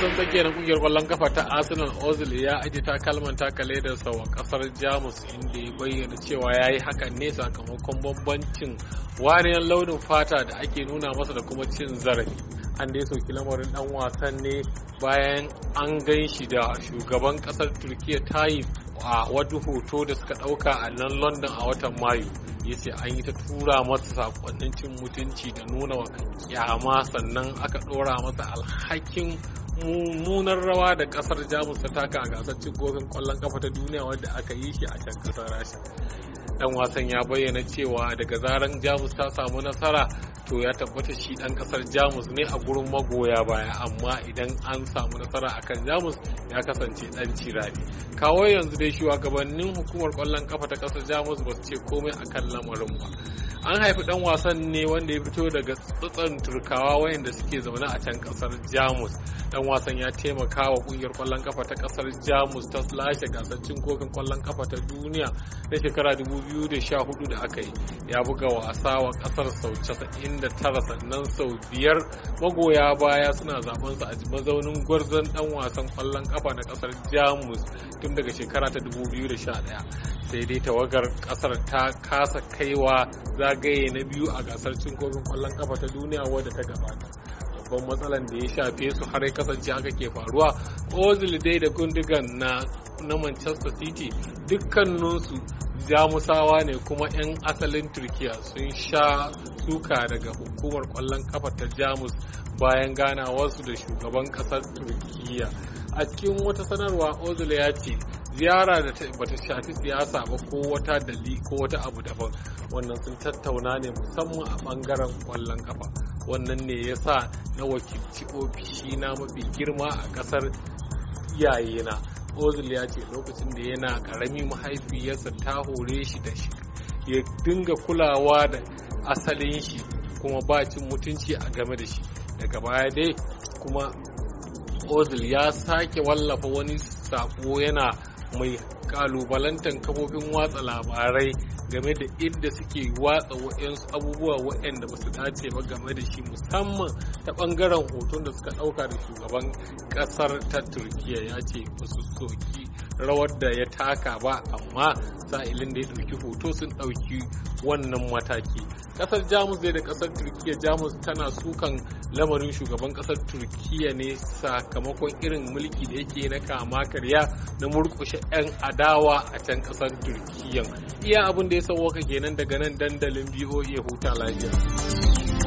wasan tsakiyar kungiyar kwallon kafa ta arsenal ozil ya aji takalman taka ledarsa wa kasar jamus inda ya bayyana cewa ya yi hakan ne sakamakon bambancin wariyar launin fata da ake nuna masa da kuma cin zarafi an ya soki lamarin dan wasan ne bayan an gan shi da shugaban kasar turkiya tayyip a wata hoto da suka dauka a nan london a watan mayu ya ce an yi ta tura masa sakonnin cin mutunci da nuna wa kyama sannan aka dora masa alhakin mummunar rawa da kasar jamus ta taka a gasar cin gofin kwallon kafa ta duniya wadda aka yi shi a can kasar rasha dan wasan ya bayyana cewa daga zaran jamus ta samu nasara to ya tabbata shi dan kasar jamus ne a gurin magoya baya amma idan an samu nasara akan jamus ya kasance dan cirani kawo yanzu dai shugabannin hukumar kwallon kafa ta kasar jamus ba su ce komai akan lamarin ba an haifi dan wasan ne wanda ya fito daga tsatsan turkawa wayanda suke zaune a can kasar jamus dan wasan ya taimaka wa kungiyar kwallon kafa ta kasar jamus ta lashe gasar cin kofin kwallon kafa ta duniya na shekara 2014 da aka yi ya buga wasa wa kasar sau 90 tara sannan sau biyar magoya baya suna zaben su a mazaunin gwarzon dan wasan kwallon kafa na kasar jamus tun daga shekara ta 2011 sai dai tawagar kasar ta kasa kaiwa zagaye na biyu a gasar cin kofin kwallon kafa ta duniya wadda ta gabata babban matsalan da ya shafe su har ya kasance haka ke faruwa ozil dai da gundugan na na manchester city dukkaninsu jamusawa ne kuma 'yan asalin turkiya sun sha suka daga hukumar kwallon kafa ta jamus bayan ganawarsu da shugaban kasar turkiya a cikin wata sanarwa ozil ya ce ziyara da bata shafi siyasa ba ko wata dali ko wata abu daban wannan sun tattauna ne musamman a bangaren kwallon kafa wannan ne ya sa na wakilci ofishi na mafi girma a kasar iyayena ozil ya ce lokacin da yana karami mahaifiyarsa ta hore shi da shi ya dinga kulawa da asalin shi kuma ba cin mutunci a game da shi daga baya dai kuma ozil ya sake wallafa wani sako yana mai kalubalantar kafofin watsa labarai game da inda suke watsa wa'yansu abubuwa wayanda ba su dace ba game da shi musamman ta ɓangaren hoton da suka ɗauka da shugaban ƙasar ta turkiya ya ce ba su soki rawar da ya taka ba amma sa'ilin da ya ɗauki hoto sun ɗauki wannan mataki ƙasar jamus dai da ƙasar turkiya jamus tana sukan lamarin shugaban ƙasar turkiya ne sakamakon irin mulki da yake na kama karya na murkushe 'yan adawa a can ƙasar turkiya iya abin da ya sauwaka kenan daga nan dandalin boa huta lafiya